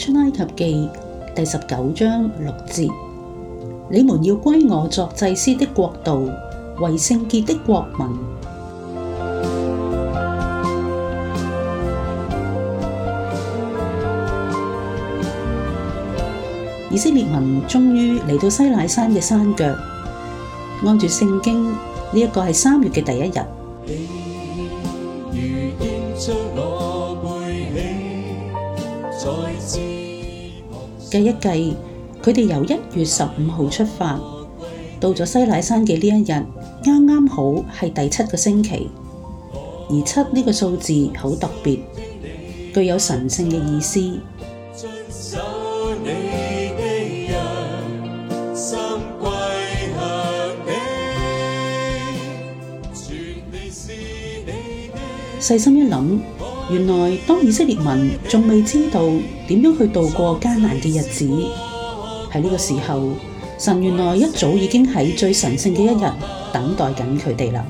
出埃及記第十九章六節：你們要歸我作祭司的國度，為聖潔的國民。以色列民終於嚟到西乃山嘅山腳，按住聖經。呢一個係三月嘅第一日。計一計，佢哋由一月十五號出發，到咗西乃山嘅呢一日，啱啱好係第七個星期，而七呢個數字好特別，具有神聖嘅意思。細 心一諗。原來當以色列民仲未知道點樣去度過艱難嘅日子，喺呢個時候，神原來一早已經喺最神聖嘅一日等待緊佢哋啦。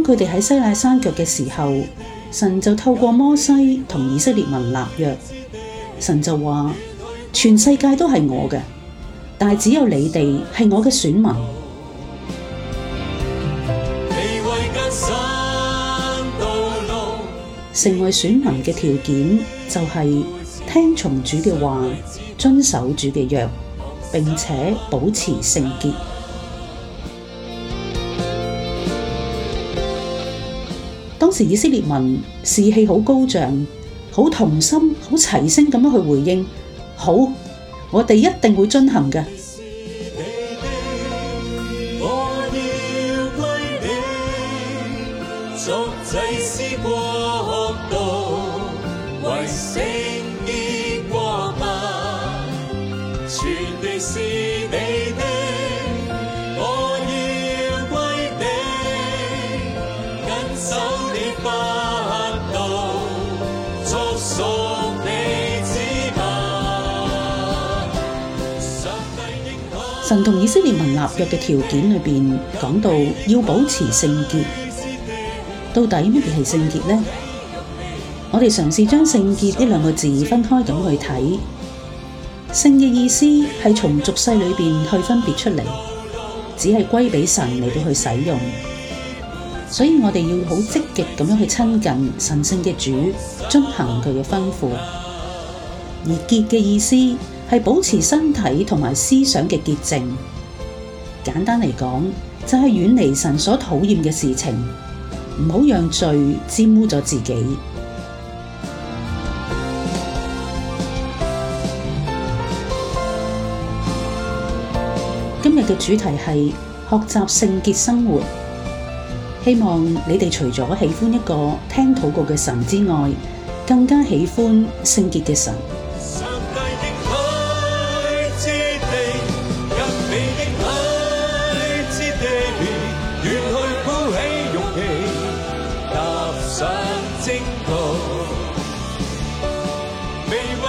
當佢哋喺西奈山腳嘅時候，神就透過摩西同以色列民立約，神就話：全世界都係我嘅，但係只有你哋係我嘅選民。成為選民嘅條件就係聽從主嘅話，遵守主嘅約，並且保持聖潔。當時以色列民士氣好高漲，好同心、好齊聲咁樣去回應，好，我哋一定會遵行嘅。 神同以色列民立約嘅條件裏面講到要保持聖潔，到底乜嘢係聖潔呢？我哋嘗試將聖潔呢兩個字分開咁去睇，聖嘅意思係從俗世裏面去分別出嚟，只係歸俾神嚟到去使用，所以我哋要好積極咁樣去親近神聖嘅主，遵行佢嘅吩咐，而潔嘅意思。係保持身體同埋思想嘅潔淨。簡單嚟講，就係、是、遠離神所討厭嘅事情，唔好讓罪霑污咗自己。今日嘅主題係學習聖潔生活，希望你哋除咗喜歡一個聽禱告嘅神之外，更加喜歡聖潔嘅神。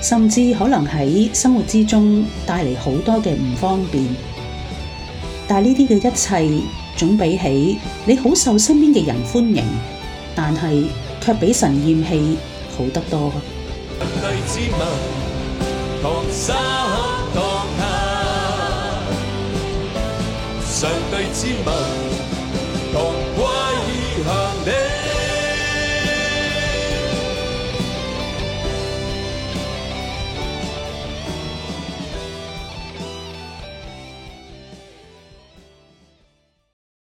甚至可能喺生活之中帶嚟好多嘅唔方便，但係呢啲嘅一切總比起你好受身邊嘅人歡迎，但係卻比神厭棄好得多。